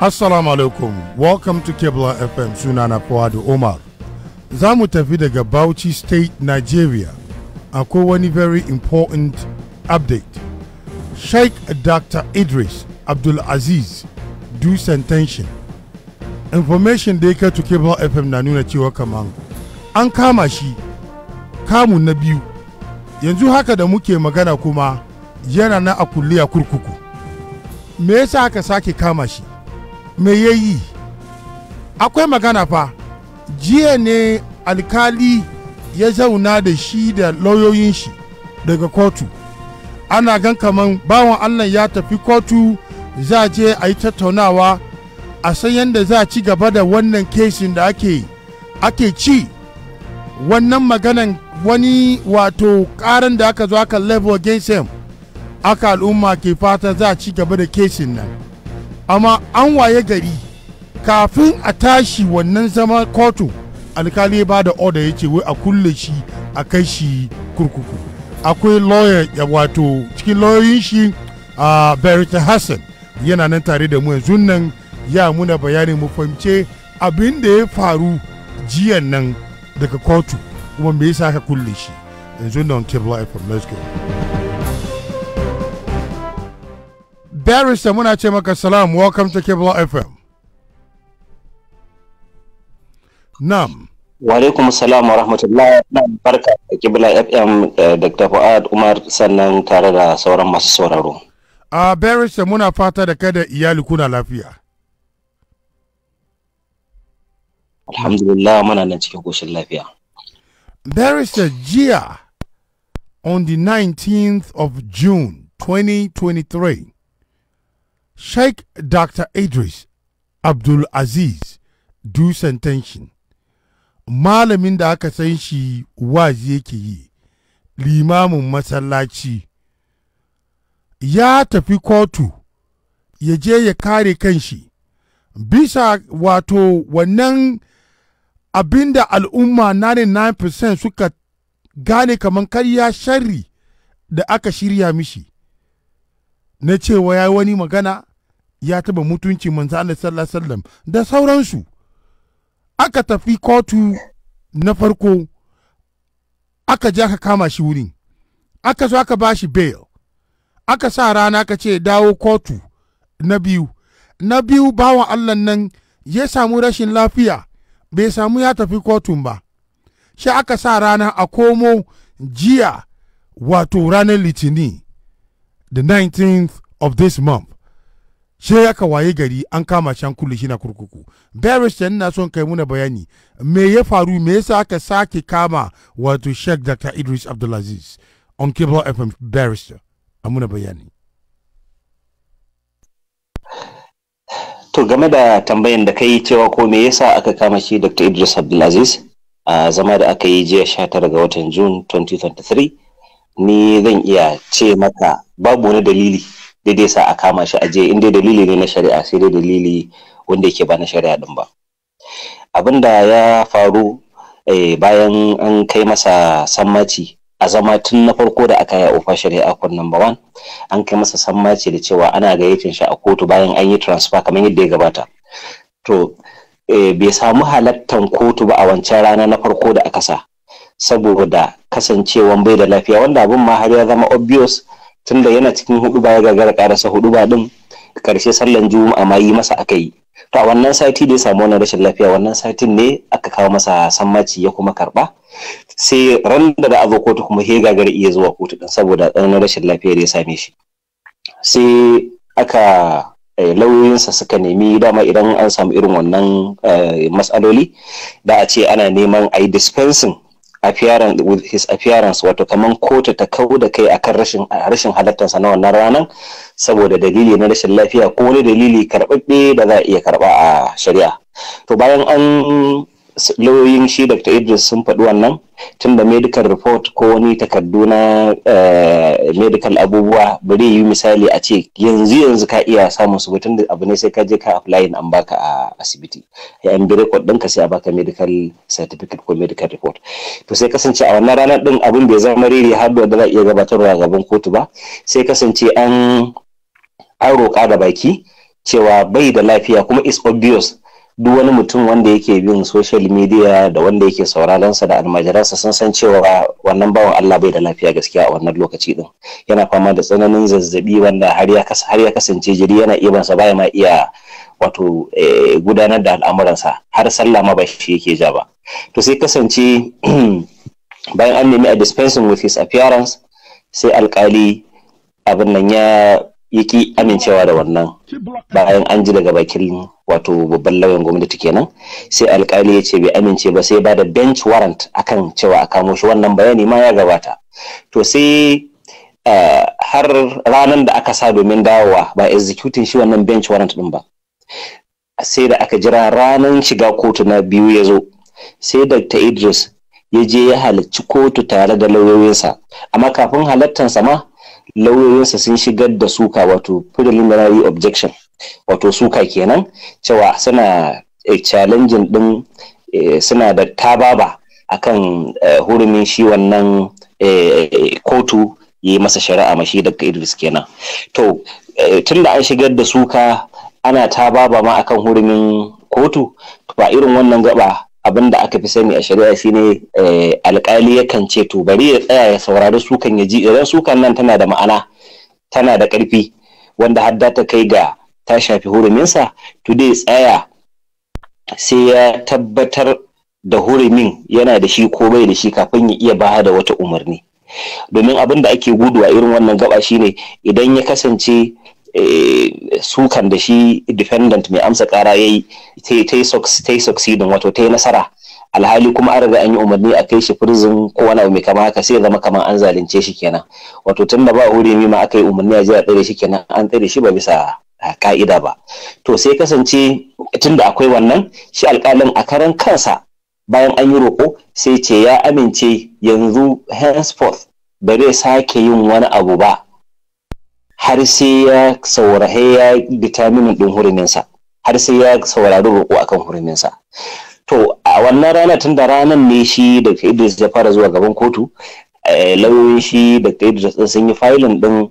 Assalamu alaikum, welcome to Kebla FM sunana fawadu Omar. Za mu tafi daga Bauchi State, Nigeria. Akwai wani very important update. Sheikh Dr. Idris Abdul Aziz do sentencing. Information da ya to Kebla FM na nuna cewa kaman an kama shi kamun na biyu. Yanzu haka da muke magana kuma yana na a kulliya kurkuku. Me yasa aka sake kama shi? me ya yi akwai magana fa jiya ne alkali ya zauna da shi da lauyoyin shi daga kotu ana gan kamar bawan allah ya tafi kotu za je a yi tattaunawa a san yadda za a ci gaba da wannan kesin da ake ake ci wannan maganan wani wato karan da aka zo aka level against him aka al'umma ke fata za a ci gaba da kesin nan amma an waye gari kafin a tashi wannan zama kotu alkali ba da oda ya ce wai a kulle shi a kai shi kurkuku akwai lawyer ya wato cikin lawyoyin shi a berita hassan yana nan tare da mu yanzu nan ya muna bayani mu fahimce abin da ya faru jiyan nan daga kotu kuma me yasa aka kulle shi yanzu nan kebla fm let's go barista muna ce maka salam welcome to cable fm nam wa alaikum salam wa rahmatullahi na barka da kibla fm eh, dr fuad umar sannan tare da sauran masu sauraro a barista muna fata da kada iyali kuna lafiya alhamdulillah muna nan cikin koshin lafiya barista jiya on the 19th of june 2023 Sheikh Dr. Idris Abdul Aziz Dusan malamin da aka san shi wazi yake yi limamin masallaci ya tafi kotu ya je ya kare kanshi bisa wato wannan abinda al'umma 99% suka gane kamar karya sharri da aka shirya mishi na cewa ya wani magana ya taba mutunci manzo Allah sallallahu alaihi wasallam da sauransu aka tafi kotu na farko aka je aka kama shi wuri aka zo aka bashi bail aka sa rana aka ce dawo kotu na biyu na biyu bawan Allah nan ya samu rashin lafiya bai samu ya tafi kotun ba shi aka sa rana a komo jiya wato ranar litinin the 19 of this month she aka waye gari an kama shan kulle shi na kurkuku barrister ina son kai muna bayani me ya faru me yasa aka sake kama wato Sheikh Dr Idris Abdulaziz on Cable FM barrister amuna bayani to game da tambayan da kai cewa ko me yasa aka kama shi Dr Idris Abdulaziz a zama da aka yi jiya 19 ga watan June 2023 ni zan iya ce maka babu wani dalili daidai sa a kama shi aje in dai dalili ne na shari'a sai dai dalili wanda yake ba na shari'a din ba abin da ya faru eh, bayan an kai masa sammaci a zama tun na farko da aka yi ofa shari'a kun number one an kai masa sammaci da cewa ana gayyatin shi a kotu bayan an yi transfer kamar yadda ya gabata to eh, bai samu halattan kotu ba a wancan rana na farko da aka sa saboda kasancewan bai da lafiya wanda abin ma har ya zama obvious tunda yana cikin hudu baya ya gagara karasa hudu ba din karshe sallan juma'a ma yi masa aka yi to a wannan sati da ya samu wannan rashin lafiya wannan satin ne aka kawo masa sammaci ya kuma karba sai ran da da azo kotu kuma he gagara iya zuwa kotu din saboda tsananin rashin lafiya da ya same shi sai aka eh, lauyoyinsa suka nemi dama idan an samu irin wannan eh, matsaloli da a ce ana neman a yi dispensing appearance with his appearance wato kaman kotu ta kau da kai akan rashin rashin halattarsa na wannan ranar saboda dalili na rashin lafiya ko wani dalili karɓaɓɓe da za a iya karɓa a shari'a to bayan an lauyoyin shi dr idris sun faɗi wannan tun da medical report ko wani takardu na eh, medical abubuwa bari yi misali a ce yanzu yanzu ka iya samun su tun da abu ne sai ka je ka apply an baka a asibiti an bi record ɗinka sai a baka medical certificate ko medical report to sai kasance a wannan ranar ɗin abin bai zama riri har da za iya gabatarwa gaban kotu ba sai kasance an an roƙa da baki cewa bai da lafiya kuma is obvious duk wani mutum wanda yake bin social media da wanda yake sauraronsa da almajiransa sun san cewa wannan bawan Allah bai da lafiya gaskiya a wannan lokaci din yana fama da tsananin zazzabi wanda har ya har ya kasance jiri yana iya bansa baya ma iya wato eh, gudanar da al'amuransa har sallah ma ba shi yake ja ba to sai kasance bayan an nemi a dispensing with his appearance sai alkali abin nan ya ki amincewa da wannan bayan an ji daga bakin wato babban lauyan gwamnati kenan sai alkali ya ce bai amince ba sai ba da bench warrant akan cewa a kamo shi wannan bayani ma ya gabata to sai eh, har ranar da aka sa domin dawowa ba executing shi wannan bench warrant din ba sai da aka jira ranar shiga kotu na biyu ya zo sai dr idris ya je ya halarci kotu tare da lauyoyinsa amma kafin halartansa ma lauyoyinsa sun shigar da suka wato preliminary objection wato suka kenan cewa suna eh, challenge din eh, suna da tababa akan eh, hurumin shi wannan kotu ya yi masa shari'a mashi daga idris kenan to tun da an shigar da suka ana tababa ma akan hurumin kotu ba irin wannan gaba abin da aka fi sani a shari'a shine eh, alkali yakan ce to bari ya tsaya ya saurari sukan ya ji idan sukan nan tana da ma'ana tana da ƙarfi wanda har ta kai ga ta shafi huruminsa to dai tsaya sai ya tabbatar da hurumin yana da shi ko bai da shi kafin ya iya ba da wata umarni domin abin da ake guduwa irin wannan gaba shine idan ya kasance Eh, sukan da shi defendant mai amsa kara ya yi ta yi succeeding wato ta yi nasara alhali kuma an riga an yi umarni a kai shi prison ko wani abu mai kama haka sai zama kamar an zalunce shi kenan wato tun da ba hurumi ma aka yi umarni a jiya a tsare shi kenan an tsare shi ba bisa ah, ka'ida ba to sai kasance tun da akwai wannan shi alkalin a karan kansa bayan an yi roƙo sai ce ya amince yanzu henceforth ba zai sake yin wani abu ba har sai ya saurahe ya bitaminin ɗin huruminsa har sai ya saurari roƙo akan huruminsa to a wannan rana tun da ranar ne shi da idris ya fara zuwa gaban kotu eh, lauyoyin shi da idris sun yi filin ɗin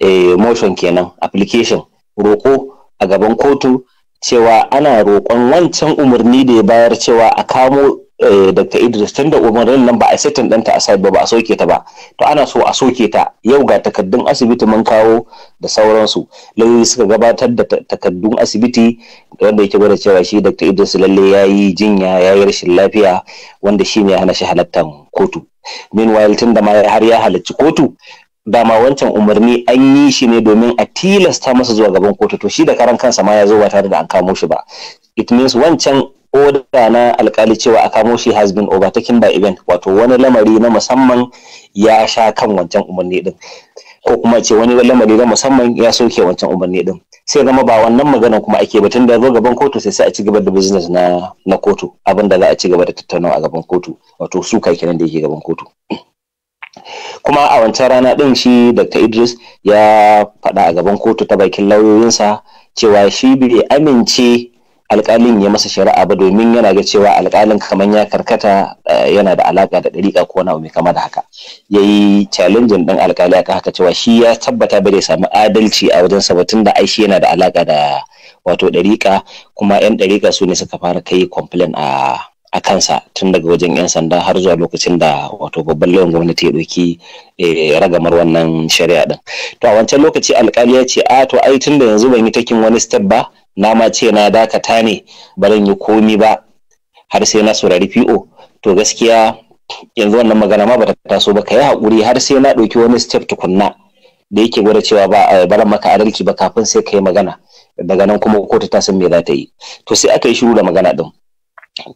eh, motion kenan application roƙo a gaban kotu cewa ana roƙon wancan umarni da ya bayar cewa a kamo Eh, Dr. Idris tun da umarnin nan ba a setin ɗanta a ba ba a soke ta ba to ana so a soke ta yau ga takaddun asibiti mun kawo da sauransu lauyoyi suka gabatar da takaddun asibiti wanda yake gwada cewa shi Dr. Idris lalle ya yi jinya ya yi rashin lafiya wanda shi ne ya hana shi halattar kotu meanwhile tun da ma har ya halarci kotu dama wancan umarni an yi shi ne domin a tilasta masa zuwa gaban kotu to shi da karan kansa ma ya zo ba tare da an kamo shi ba it means wancan oda na alkali cewa a kamo shi has been overtaken by event wato wani lamari na musamman ya sha kan wancan umarni din ko kuma ce wani lamari na musamman ya soke wancan umarni din sai zama ba wannan maganan kuma ake ba tun da zo gaban kotu sai sai a ci gaba da business na na kotu abin da za a ci gaba da tattaunawa a gaban kotu wato su kai kenan da yake gaban kotu kuma a wancan rana din shi Dr. Idris ya faɗa a gaban kotu ta bakin lauyoyinsa cewa shi bai amince alƙalin ya masa shari'a ba domin yana ga cewa alƙalin kamar ya karkata eh, yana da alaƙa da ɗariƙa ko abu mai kama da haka ya yi challenging ɗin alƙali akan haka cewa shi ya tabbata bai samu adalci a wajen sabatun da aishi yana da alaƙa da wato ɗariƙa kuma 'yan ɗariƙa su ne suka fara kai complain a a kansa tun daga wajen 'yan sanda har zuwa lokacin da wato babban lauyan gwamnati ya ɗauki eh, ragamar wannan shari'a ɗin to a wancan lokaci alƙali ya ce a to ai tun da yanzu ban yi takin wani step ba na ma ce na dakata ne barin yi komi ba har sai na saurari fi'o to gaskiya yanzu wannan magana ma bata taso ba ka yi haƙuri har sai na ɗauki wani step tukunna da yake gwada cewa ba a eh, bar maka adalci ba kafin sai ka yi magana daga nan kuma kotu ta san me za ta yi to sai aka yi shiru da magana ɗin.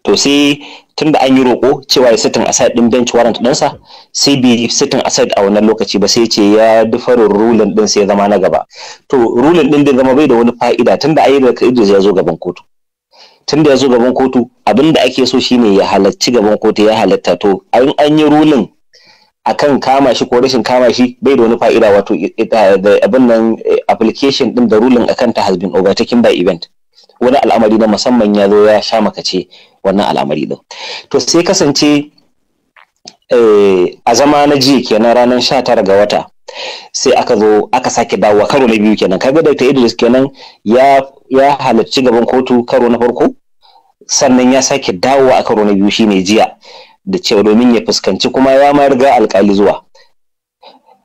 to sai tun da an yi roƙo cewa ya sitin aside din bench warrant ɗinsa sai bi sitin aside a wannan lokaci ba sai ce ya dufaro rulin din sai ya zama na gaba to rulin din da zama bai da wani fa'ida tun da ayyuka Idris ya zo gaban kotu tun da ya zo gaban kotu abin da ake so shine ya halarci gaban kotu ya halatta to an an yi rulin akan kama shi ko rashin kama shi bai da wani fa'ida wato eh, abin nan eh, application din da rulin akan ta has been overtaken by event wani al'amari na musamman ya zo ya sha makace wannan al'amari din to sai kasance eh, a zama na jiya kenan ranar sha tara ga wata sai aka zo aka sake dawowa karo na biyu kenan kaga da Idris kenan ya halarci gaban kotu karo na farko sannan ya sake dawowa a karo na biyu shine jiya da cewa domin ya fuskanci kuma ya ma riga alkali zuwa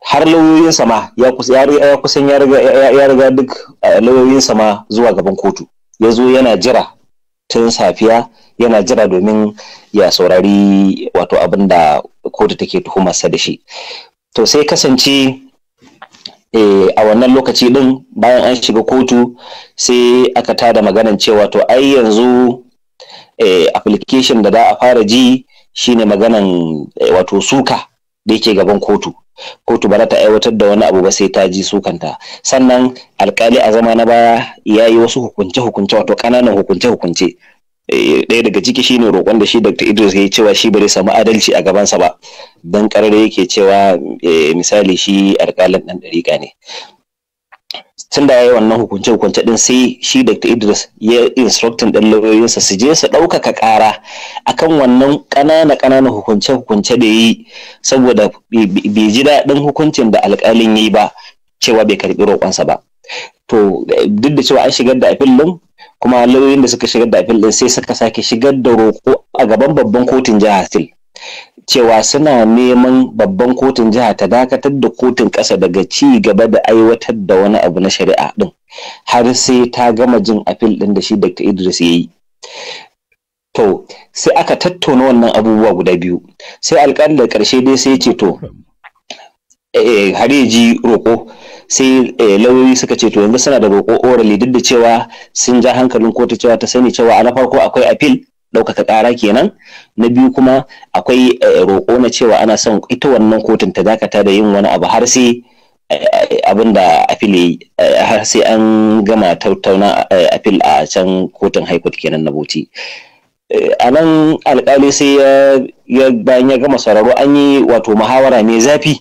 har lauyoyinsa ma ya kusan ya riga duk eh, lauyoyinsa ma zuwa gaban kotu ya zo yana jira tun safiya yana jira domin ya saurari wato abin da kotu take tuhumarsa da shi to sai kasance eh, a wannan lokaci din bayan an shiga kotu sai aka tada maganan cewa to ai yanzu eh, application da za a fara ji shine maganan eh, wato suka da yake gaban kotu kotu ba za ta aiwatar da wani abu ba sai ta ji sukanta sannan alkali a zama na baya ya yi wasu hukunce hukunce wato ƙananan hukunce hukunce eh, ɗaya daga ciki shine roƙon da shi dr idris ya cewa shi bai samu adalci a gabansa ba don ƙarar yake cewa eh, misali shi alkalin ɗan ɗariƙa ne Tunda da ya yi wannan hukunce hukunce din sai shi dr idris ya instructing ɗin lauyoyinsa su je su ɗaukaka ƙara akan wannan ƙanana ƙanana hukunce hukunce da yi saboda bai ji daɗin hukuncin da alƙalin yi ba cewa bai karɓi roƙonsa ba to duk da cewa an shigar da afil din kuma lauyoyin da suka shigar da afil din sai suka sake shigar da roƙo a gaban babban kotun jihar sil cewa suna neman babban kotun jiha ta dakatar da kotun ƙasa daga ci gaba da aiwatar da wani abu na shari'a ɗin har sai ta gama jin afil ɗin da shi dr idris ya yi to sai aka tattauna wannan abubuwa guda biyu sai alƙalin da ƙarshe dai sai ce to eh, eh, har ji roƙo sai eh, lauyoyi suka ce to yanzu suna da roƙo orally duk da cewa sun ja hankalin kotu cewa ta sani cewa a na farko akwai appeal ɗaukaka ƙara kenan na biyu kuma akwai eh, roƙo na cewa ana son ita wannan kotun ta dakata da yin wani abu har sai eh, abin da afil eh, har sai an gama tattauna afil a can kotun high kenan na bauchi a nan alkali sai ya bayan ya gama sauraro an yi wato muhawara mai zafi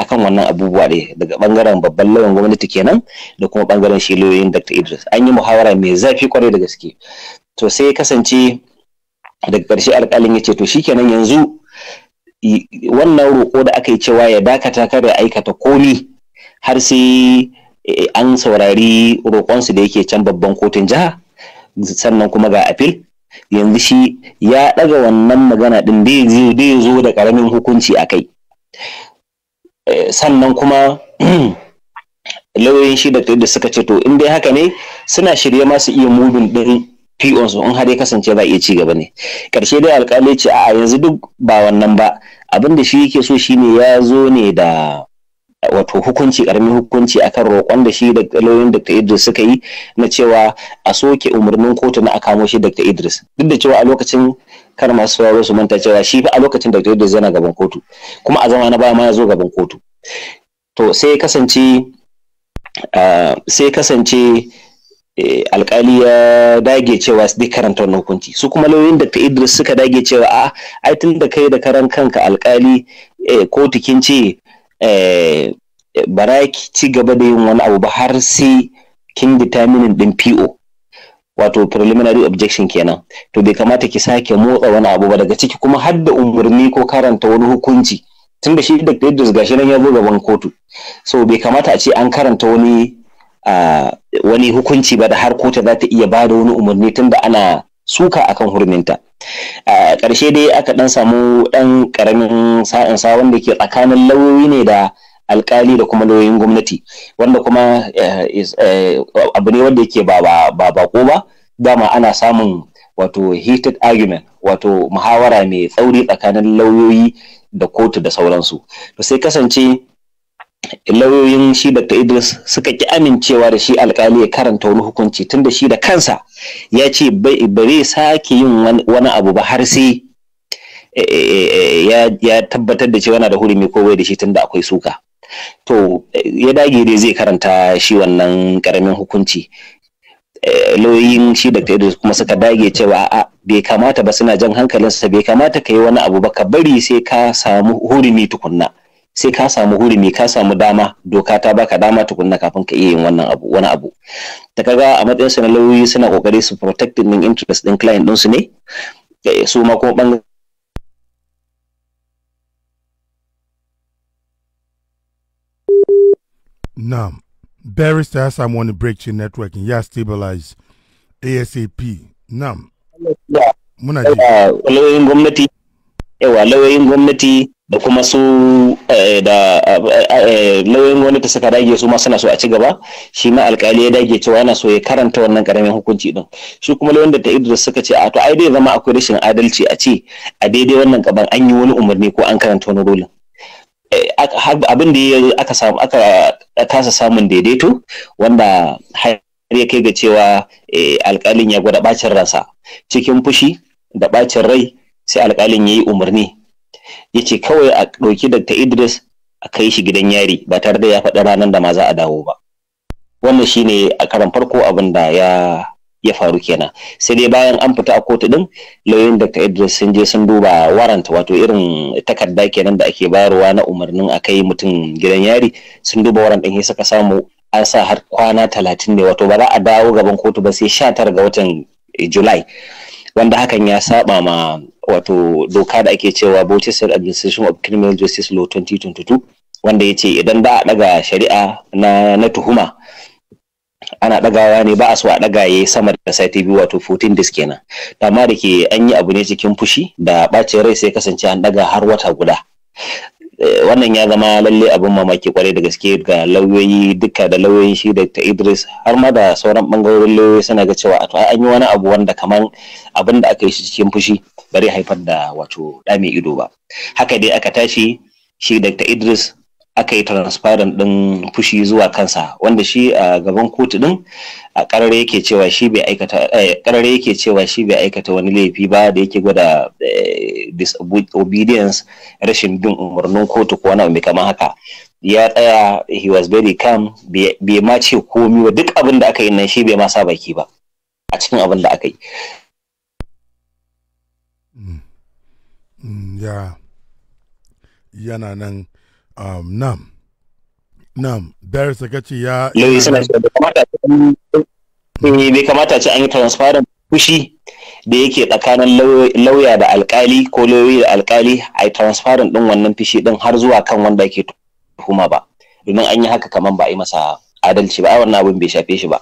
akan wannan abubuwa ne daga bangaren babban lauyan gwamnati kenan da kuma bangaren shi lauyoyin dr idris an yi muhawara mai zafi kwarai da gaske to sai kasance daga ƙarshe alƙalin ya ce to shikenan yanzu wannan roƙo da aka yi cewa ya dakata kada aikata komi har sai eh, an saurari roƙonsu da yake can babban kotun jiha sannan kuma ga apil yanzu shi ya ɗaga wannan magana ɗin da ya zo da ƙaramin hukunci a kai eh, sannan kuma lauyoyin shi da suka ce to in dai haka ne suna shirye masu iya mudun ɗin PO su in har ya kasance ba iya ci gaba ne karshe dai alƙalai ce a yanzu duk ba wannan ba abin da shi yake so shine ya zo ne da wato hukunci karamin hukunci akan roƙon da shi da lauyoyin Dr. Idris suka yi na cewa a soke umarnin kotu na a kamo shi Dr. Idris duk da cewa a lokacin kar masu sauraro su manta cewa shi fa a lokacin Dr. Idris yana gaban kotu kuma a zama na baya ma ya zo gaban kotu to sai kasance ah, sai kasance Eh, alkali ya dage cewa su dai karanta wannan hukunci su kuma lauyoyin da idris suka dage cewa a ah, ai tun da kai da karan kanka alkali eh, kotu kin ce eh, bara ki ci gaba da yin wani abu ba har sai kin determinin din po wato preliminary objection kenan to bai kamata ki sake motsa wani abu ba daga ciki kuma har da umarni ko karanta wani hukunci tun da shi da idris gashi nan ya zo gaban kotu so bai kamata a ce an karanta wani wani hukunci ba da har kota za ta iya ba da wani umarni tunda ana suka akan hurminta a ƙarshe dai aka ɗan samu ɗan ƙaramin sa'insa wanda ke tsakanin lauyoyi ne da alkali da kuma lauyoyin gwamnati wanda kuma eh, eh, abu ne wanda yake ba bako ba dama ana samun wato heated argument wato muhawara mai tsauri tsakanin lauyoyi da kotu da sauransu to sai kasance lauyoyin shi da ta Idris suka ki amincewa da shi alkali ya karanta wani hukunci tun da shi da kansa ya ce bare sake yin wani abu ba har sai eh, eh, eh, ya tabbatar da cewa na da hurumi ko bai da shi tun da akwai suka to ya dage dai zai karanta shi wannan karamin hukunci lauyoyin shi da ta Idris kuma suka dage cewa a bai kamata ba suna jan hankalinsa bai kamata ka yi wani abu ba ka bari sai ka samu hurumi tukunna sai ka samu hurumi ka samu dama doka ta baka dama tukunna kafin ka iya yin wannan abu wani abu ta kaga a matsayin su na lauyoyi suna kokari su protect din interest din client din su ne eh, su ma kuma bangaren Na'am, barista ya samu wani break chain networking ya stabilize ASAP. Na'am. Muna ji. Uh, lauyoyin gwamnati yawa lauyoyin gwamnati da kuma su eh, da eh, eh, lauyoyin gwamnati suka dage su ma suna so a ci gaba shi ma alkali ya dage cewa yana so ya karanta wannan karamin hukunci din shi kuma lauyoyin da ta idu suka ce a to ai dai zama akwai rashin adalci a ce a daidai wannan gaban an yi wani umarni ko an karanta wani rolin abin da aka samu aka kasa samun daidaito wanda har ya kai ga cewa alkalin ya gwada bacin ransa cikin fushi da bacin rai sai alƙalin ya yi umarni ya ce kawai a ɗauki Dr. Idris a kai shi gidan yari ba tare da ya faɗi ranar da ma za a dawo ba. Wannan shine a karan farko abin da ya ya faru kenan sai dai bayan an fita a kotu din lauyoyin Dr. Idris sun je sun duba warrant wato irin takarda kenan da ake bayarwa na umarnin a kai mutum gidan yari sun duba waran din suka samu an sa har kwana talatin ne wato ba za a dawo gaban kotu ba sai sha tara ga watan Julai wanda hakan ya saba ma wato doka da ake cewa Bauchi Administration of Criminal Justice Law 2022 wanda ya ce idan ba a daga shari'a na, tuhuma ana dagawa ne ba a so a daga ya sama da sati biyu wato 14 days kenan amma da ke an yi abu ne cikin fushi da bacin rai sai kasance an daga har wata guda Eh, wannan ya zama lalle abin mamaki kwarai da gaske ga lauyoyi duka da lauyoyi shi da ta idris har ma da sauran bangarorin lauyoyi suna ga cewa to an yi wani abu wanda kamar abin da aka yi shi cikin fushi bari haifar da wato ɗa ido ba haka dai aka tashi shi da ta idris aka yi transparent din fushi zuwa kansa wanda shi a gaban kotu din a karare yake cewa shi bai aikata karare eh, yake cewa shi bai aikata wani laifi ba da yake gwada eh, disobedience rashin bin umarnin kotu ko wani mai kamar haka ya tsaya he was very calm bai ma ce komi ba duk abin da aka yi nan shi bai ma sa baki ba a cikin abin da aka yi mm. Mm, yana nan um, nam nam ce ya suna ce bai kamata ce an yi transparent fushi da yake tsakanin lauya da alkali ko lauyoyi da alkali a yi transparent din wannan fushi din har zuwa kan wanda ke tuhuma ba domin an yi haka kamar ba a yi masa adalci ba a wannan abin bai shafe shi ba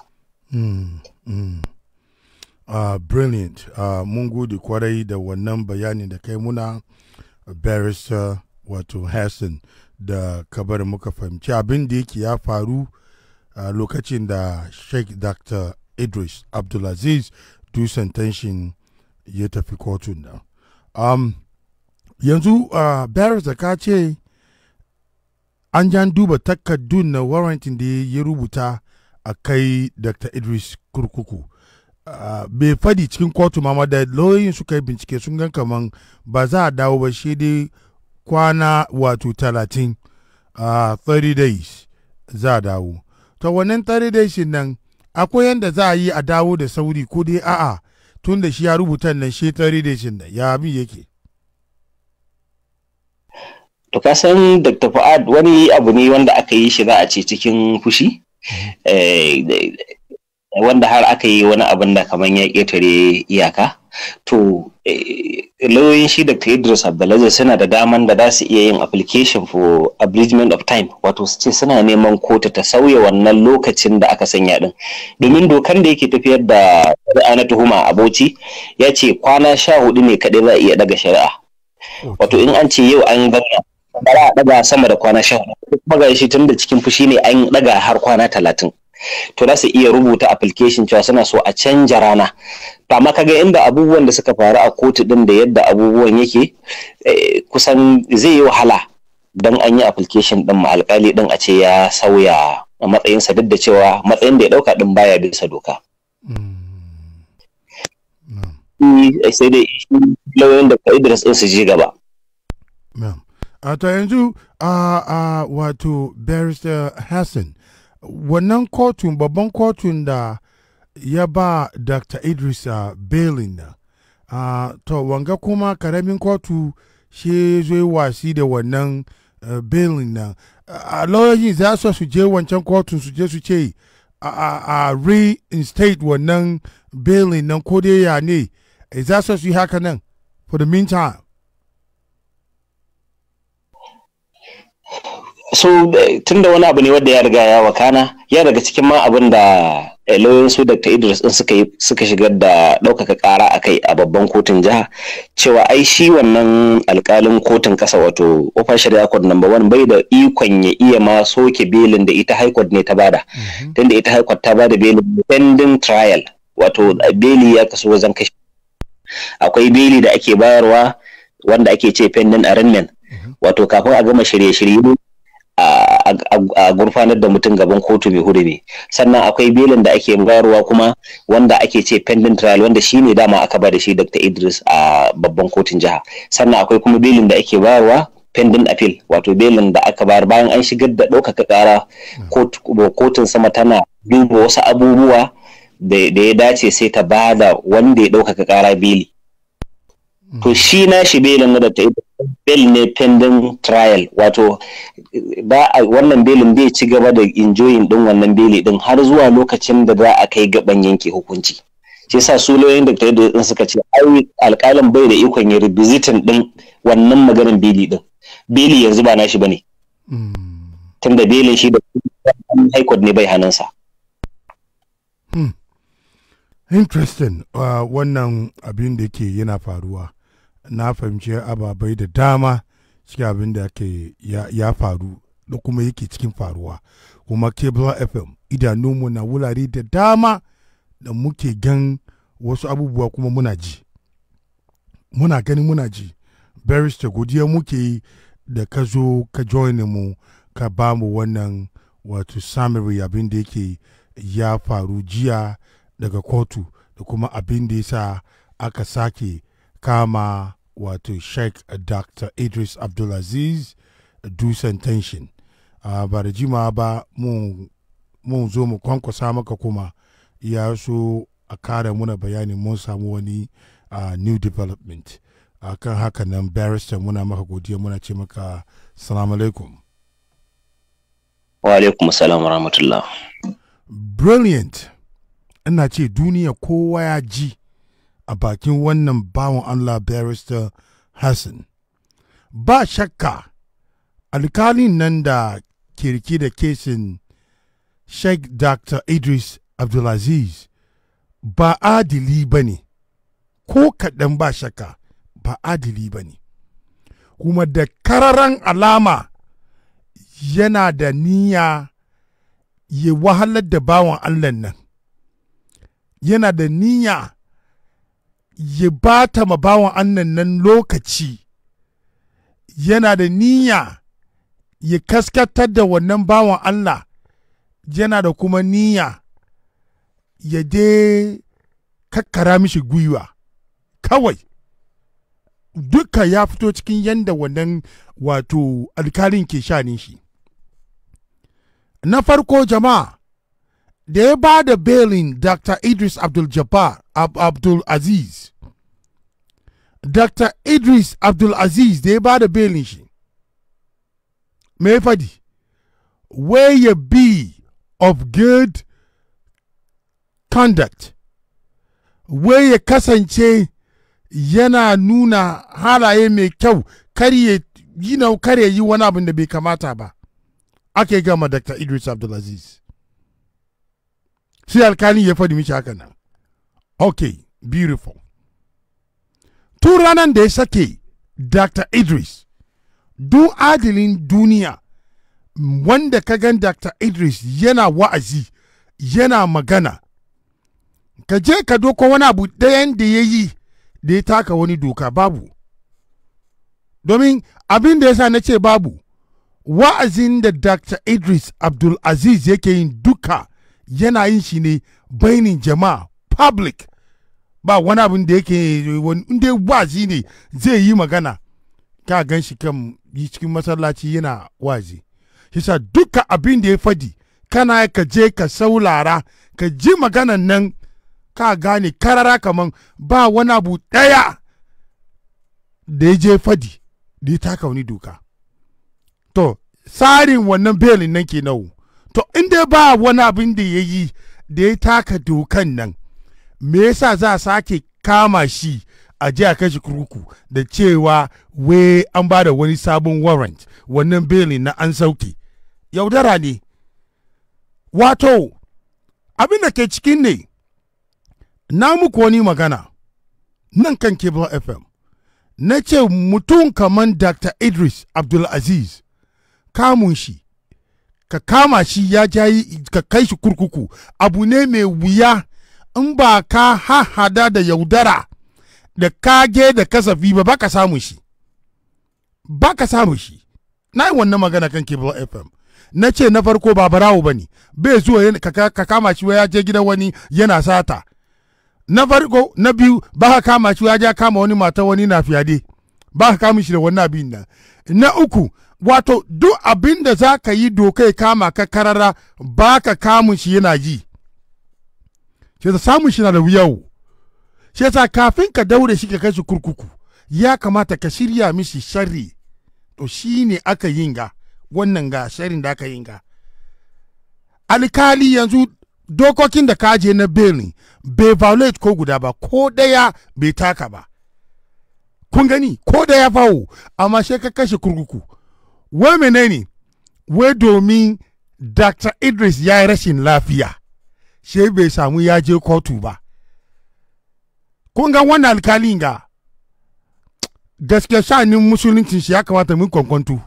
Uh, brilliant uh, mun gode kwarai da wannan bayani da kai muna barrister wato hassan da kabar muka fahimci abin da yake ya faru a lokacin da sheikh dr idris abdulaziz dusan tanshin ya tafi kotun da um, yanzu uh, barris da ka ce an jan duba takardun na warantin da ya rubuta a kai dr idris kurkuku uh, bai fadi cikin kotu ma da lauyoyin suka yi bincike sun gan kaman ba za a dawo ba shi dai kwana wato talatin a 30 days za dawo to wannan 30 days nan akwai yadda za a yi a dawo da sauri ko dai a'a tun da shi ya rubuta nan shi 30 days nan ya bi yake to ka san dr fuad wani abu ne wanda aka yi shi za a ce cikin fushi mm-hmm. eh, wanda har aka yi wani abin da kamar ya ƙetare iyaka to eh, lauyoyin shi dr idris abdulaziz suna da daman da za su iya yin application for abridgment of time wato su ce suna neman kotu ta sauya wannan lokacin da aka sanya din domin dokan da yake tafiyar da shari'a na tuhuma a bauchi ya ce kwana sha hudu ne kadai za a iya daga shari'a wato in an ce yau an zauna ba a daga sama da kwana sha hudu kuma ga shi tun da cikin fushi ne an daga har kwana talatin to za su iya rubuta application cewa suna so a canja rana to amma ga inda abubuwan da suka faru a kotu din da yadda abubuwan yake eh, kusan zai yi wahala don an yi application din ma alkali din a ce ya sauya a matsayinsa duk da cewa matsayin da ya dauka din baya bisa doka hmm. Hmm. Eh, sai dai lauyoyin da Idris din su ji gaba hmm. a ah, ta yanzu a ah, ah, wato barrister Hassan wannan kotun babban kotun da ya ba dr idris uh, bailin na uh, to wanga kuma karamin kotu shi zai wasi da wannan uh, bailin nan a uh, lauyoyin za su su je wancan kotun su je su ce a uh, uh, reinstate wannan bailin nan ko dai ya ne eh, za su yi haka nan for the meantime so eh, tunda wani abu ne wanda ya riga ya wakana ya daga cikin ma abin da eh, lauyoyin su Dr. Idris din suka suka shigar da ɗaukaka ƙara a kai a babban kotun jiha cewa ai shi wannan alƙalin kotun ƙasa wato ofa Shari'a Court number one bai da ikon ya iya ma soke belin da ita High ne ta bada mm-hmm. tunda ita High ta bada belin pending trial wato eh, beli ya kaso wajen kashi akwai beli da ake bayarwa wanda ake ce pending arraignment mm-hmm. wato kafin a gama shirye-shirye a gurfanar da mutum gaban kotu mai hurumi sannan akwai belin da ake bayarwa kuma wanda ake ce pending trial wanda shi ne dama aka ba da shi dr idris a babban kotun jiha sannan akwai kuma belin da ake bayarwa pending appeal wato belin da aka bayar bayan an shigar da ɗaukaka ƙara kotun sama tana duba wasu abubuwa da ya dace sai ta ba da wanda ya ɗaukaka ƙara beli to shi na shi belin da ta belin ne pending trial wato ba a wannan belin bai ci gaba da injoyin din wannan beli din har zuwa lokacin da za a kai gaban yanke hukunci shi yasa su lauyoyin da kai din suka ce ai alƙalin bai da ikon ya revisitin din wannan maganar beli din beli yanzu ba nashi bane hmm. tunda belin shi da high court ne bai hannunsa hmm. interesting uh, wannan abin da ke yana faruwa na fahimci ababai da dama cikin abin da ke ya faru da kuma yake cikin faruwa kuma cable fm idanunmu na wurare da dama da muke gan wasu abubuwa kuma muna ji muna gani muna ji barista godiya muke yi da ka zo ka join mu ka ba mu wannan wato samari abin da yake ya faru jiya daga kotu da kuma abin da ya sa aka sake kama wato sheikh dr idris abdulaziz dusan tension uh, ba da jima ba mun zo mu kwankwasa maka kuma ya so a kara muna bayani mun samu wani uh, new development a uh, kan haka nan barrister muna maka godiya muna ce maka salamu alaikum wa salam wa rahmatullah brilliant ina ce duniya kowa ya ji a bakin wannan bawan Allah barrister Hassan. Ba shakka alkalin nan da kirki da kesin Sheikh Dr. Idris Abdulaziz ba adili ba ne, ko kaɗan ba shakka ba adili ba ne, kuma da kararan alama yana da niyya ya wahalar da bawan Allah nan, yana da niyya ya ba ta mabawan annan nan lokaci yana da niyya ya kaskatar da wannan bawan Allah yana da kuma niyya ya je kakkara mishi gwiwa kawai duka ya fito cikin yadda wannan wato alkalin ke shanin shi na farko jama'a da ya ba da belin dr idris abdul-jabbar abdul-aziz dr idris abdul-aziz da ya ba da belin shi me fadi where ya be of good conduct where ya kasance yana nuna halaye mai kyau karye yi na karye yi wani abin da bai kamata ba ake gama dr idris abdulaziz sai alkalin ya faɗi miki haka nan ok beautiful tun ranar da ya sake dr idris duk adilin duniya wanda ka gan dr idris yana wa'azi yana magana ka je ka doko wani abu ɗayan da ya yi da ya taka wani doka babu domin abin da ya sa na ce babu wa'azin da dr idris abdulaziz yake yin duka yana yin shi ne bainin jama'a public ba wani abin da yake inda wazi ne zai yi magana ka gan shi kan yi cikin masallaci yana wazi shisa duka abin da ya fadi kana ka je ka saulara ka ji maganan nan ka gane karara kaman ba wani abu ɗaya da ya je fadi da ya taka wani doka to tsarin wannan belin nan ke nau. to in dai ba wani abin da ya yi da ya taka dokan nan me yasa za a sake kama shi a je a kashi kurkuku da cewa we an ba da wani sabon warrant wannan beli na an sauke yaudara ne wato abin da ke cikin ne na muku wani magana nan kan cable fm na ce mutum kamar dr idris abdulaziz kamun shi ka kama shi ya jayi ka kai shi kurkuku abu ne mai wuya in ba ka hahada da yaudara da kage da kasafi ba baka samu shi baka samu shi na yi wannan magana kan cable fm na ce na farko ba barawo ba ne bai zuwa ka kama shi ya je gidan wani yana sata na farko na biyu ba ka kama shi ya ja kama wani mata wani na fiyade ba ka kama shi da wannan abin nan na uku wato duk abin da za ka yi doka ya kama ka karara ba ka kamun shi yana ji. shi ta samun shi na da wuyau shi ta kafin ka daure shi ka kai shi kurkuku ya kamata ka shirya mishi sharri to shi ne aka yin ga wannan ga sharrin da aka yin ga alkali yanzu dokokin da ka je na beni bai violate ko guda ba ko daya bai taka ba kun gani ko daya fawo amma sai ka kashe kurkuku wai menene wai domin dr idris ya yi rashin lafiya she bai samu ya je kotu ba kun ga wannan alkalin ga gaskiya sha'anin musuluncin shi ya kamata mun kwankwanto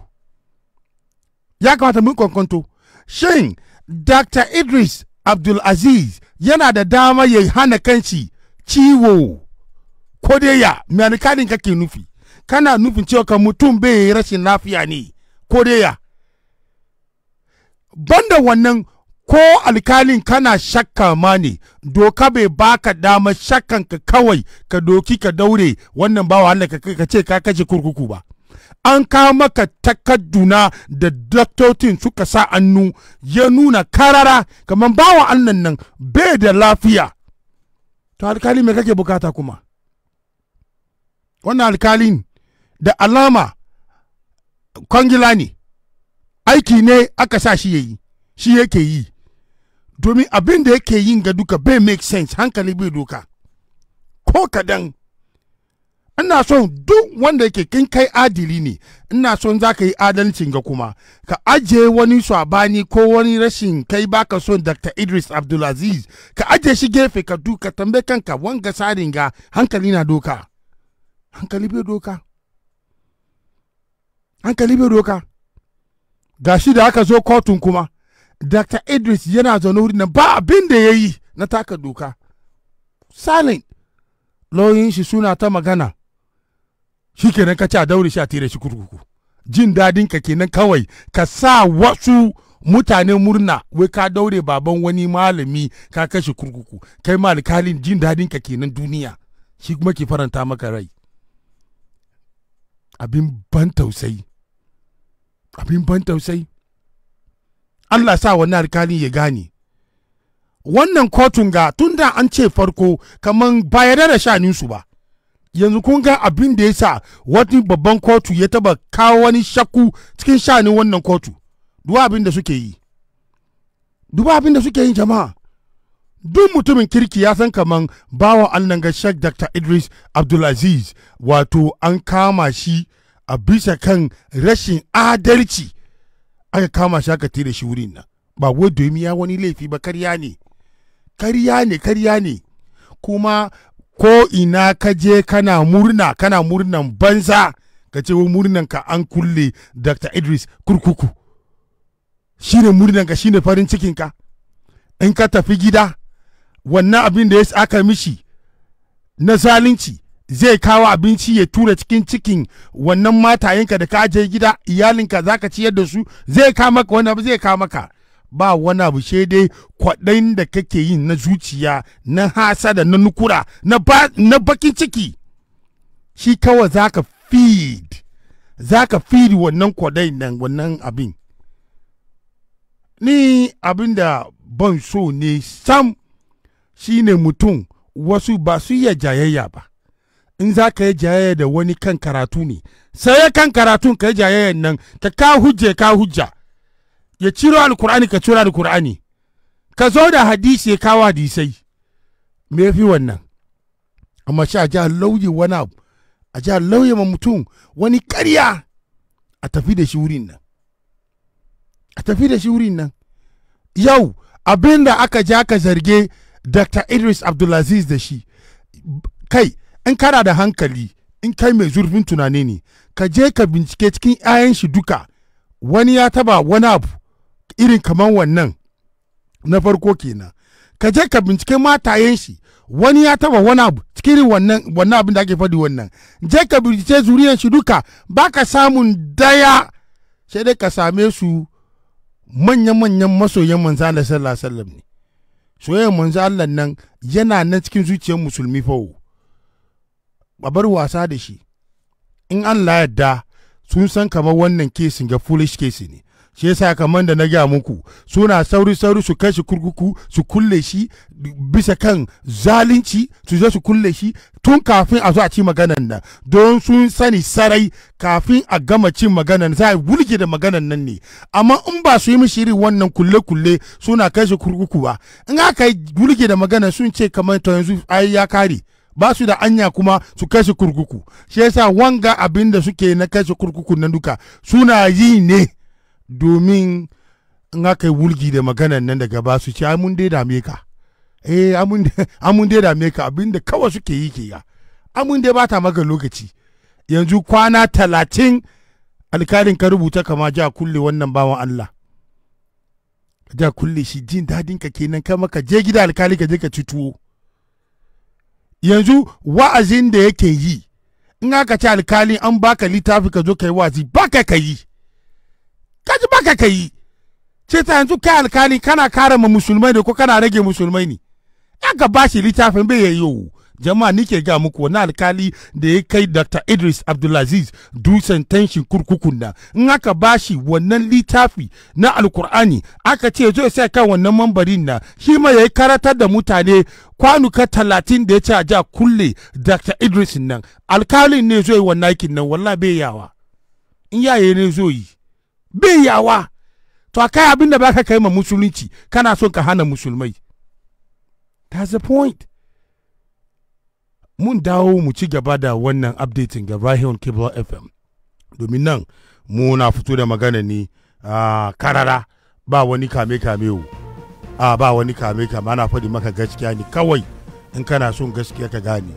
ya kamata mun kwankwanto shin dr idris abdulaziz yana da dama ya hana kanshi ciwo ko dai ya mai alkalin kake nufi kana nufin cewa mutum bai rashin lafiya ne ko banda wannan ko alkalin kana shakka ma ne doka bai baka damar shakkan ka kawai ka doki ka daure wannan bawa Allah ka ce ka kace kurkuku ba an kawo maka takadduna da daktotin suka sa annu ya nuna karara kamar bawa annan nan bai da lafiya to alkali mai kake bukata kuma wannan alkalin da alama kwangila ne aiki ne aka sa shi yayi shi yake yi domin abin da yake yin ga duka bai make sense hankali bai doka ko kadan ina son duk wanda yake kin kai adili ne ina son za ka yi adalcin ga kuma ka aje wani swabani ko wani rashin kai baka son dr idris abdulaziz ka aje shi gefe ka duka tambe kanka wanga sarin ga hankali na doka hankali bai doka hankali bai doka ga shi da aka zo kotun kuma dr idris yana zaune wurin nan ba abin da ya yi na taka doka silent lauyin shi suna ta magana shi kenan ka ci a daure shi a tere shi kurkuku jin dadin ka kenan kawai ka sa wasu mutane murna wai ka daure baban wani malami ka kashe kurkuku kai ma alkalin jin dadin ka kenan duniya shi kuma ke faranta maka rai abin ban tausayi abin ban tausayi. allah sa wani alkali ya gane wannan kotun ga tun da an ce farko kamar bayar da su ba yanzu kun ga abin da ya sa wani babban kotu ya taba kawo wani shakku cikin shanin wannan kotu duba abin da suke yi duba abin da suke yin jama'a duk mutumin kirki ya san kamar bawa allah ga Sheikh Dr. Idris Abdulaziz wato an kama shi a bisa kan rashin adalci aka kama shi aka tere shi wurin nan ba wai domin ya wani laifi ba karya ne karya ne karya ne kuma ko ina ka je kana murna kana murnan banza ka ce wa murnan ka an kulle dr idris kurkuku shi ne murnan ka ne farin cikin ka in ka tafi gida wannan abin da ya aka mishi na zalunci zai kawo abinci ya tura cikin cikin wannan matayenka da ka je gida iyalinka za ka ciyar da su zai kama maka wani abu zai kama maka ba wani abu sai dai kwaɗayin da kake yi na zuciya na hasada na nukura na bakin ciki shi kawai za ka feed za ka feed wannan kwaɗayin nan wannan abin ni abin da ban so ne sam shi ne mutum wasu ba su iya jayayya ba in za ka yi jayayya da wani kan karatu ne sai kan karatun ka yi jayayyan nan ka ka hujja ka hujja ya ciro alkur'ani ka ciro alkur'ani ka zo da hadisi ya kawo hadisai me fi wannan amma shi a ja lauye wani abu a ja lauye ma mutum wani karya a tafi da shi wurin nan a tafi da shi wurin nan yau abin da aka ja ka zarge dr idris abdulaziz da shi kai in kana da hankali in kai mai zurfin tunani ne ka je ka bincike cikin 'ya'yan shi duka wani ya taba wani abu irin kamar wannan na farko kenan ka je ka bincike matayen shi wani ya taba wani abu cikin wannan wannan abin da ake faɗi wannan je ka bincike zuriyan shi duka baka samun daya sai dai ka same su manya-manyan masoyan manzo Allah sallallahu alaihi wasallam ne soyayyar manzo Allah nan yana nan cikin zuciyar musulmi fawo a bar wasa da shi in Allah yadda sun san kamar wannan kesin ga foolish kesi ne shi yasa kamar da na gaya muku suna sauri sauri su kai shi kurkuku su kulle shi bisa kan zalunci su zo su kulle shi tun kafin a zo a ci maganan nan don sun sani sarai kafin a gama cin maganan za a wulge da maganan nan ne amma in ba su yi mishi irin wannan kulle kulle suna kai shi kurkuku ba in aka yi wulge da maganan sun ce kamar ta yanzu ai ya kare ba su da anya kuma su kashe kurkuku shi yasa wanga abin da suke na kashe kurkuku na duka suna yi ne domin in aka yi wulgi da maganan nan daga ba su ce amun dai dame ka eh amun dai dame ka abin da kawai suke yi ke ya amun dai ba ta maka lokaci yanzu kwana talatin alkalin ka rubuta kama ja kulle wannan bawan Allah ja kulle shi jin dadin ka kenan kama ka je gida alkali ka je ka ci tuwo yanzu wa'azin da yake yi in aka ce alkali an baka littafi ka zo ka yi wa'azi baka ka yi kaji baka ka yi ce ta yanzu kai alkali kana kare ma musulmai ne ko kana rage musulmai ne aka ba shi littafin bai yayi yau jama'a nike ga muku wani alkali da ya kai dr idris abdulaziz dusan tanshin kurkukun na in aka bashi wannan littafi na alkur'ani aka ce zo sai kan wannan mambarin na shi ma ya karatar da mutane kwanuka talatin da ya ce a kulle dr idris nan alkalin ne zo yi wannan aikin nan wallah bai yawa in yaye ne zo yi bai yawa to a kai abin da ka kai ma musulunci kana son ka hana musulmai that's the point mun dawo mu ci gaba da wannan updating ga rahion cable fm domin nan muna fito da magana ne a karara ba wani kame-kame a ba wani kame-kame ana faɗi maka gaskiya ne kawai in kana son gaskiya ka gane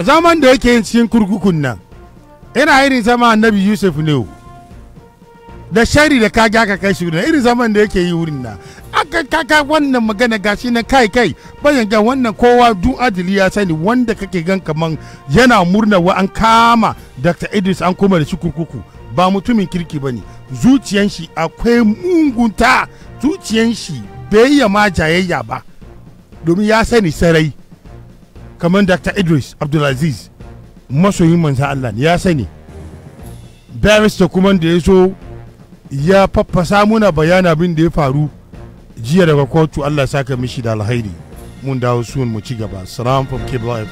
zaman da yake yin cikin kurkukun nan ina irin zama annabi yusuf ne da shari da kaga ga ka kai shi irin zaman da yake yi wurin na aka kaka wannan magana gashi na kai kai bayan ga wannan kowa duk adili ya sani wanda kake gan kaman yana murna wa an kama Dr. Idris an kuma da shi kurkuku ba mutumin kirki ba ne shi akwai mungunta zuciyan shi bai ya ma jayayya ba domin ya sani sarai kamar Dr. Idris Abdulaziz masoyin manzan Allah ya sani barista kuma da ya zo ya faffasa muna bayana abin da ya faru jiya daga kotu Allah saka mishi da alhairi mun dawo sun mu ci gaba salam from Cable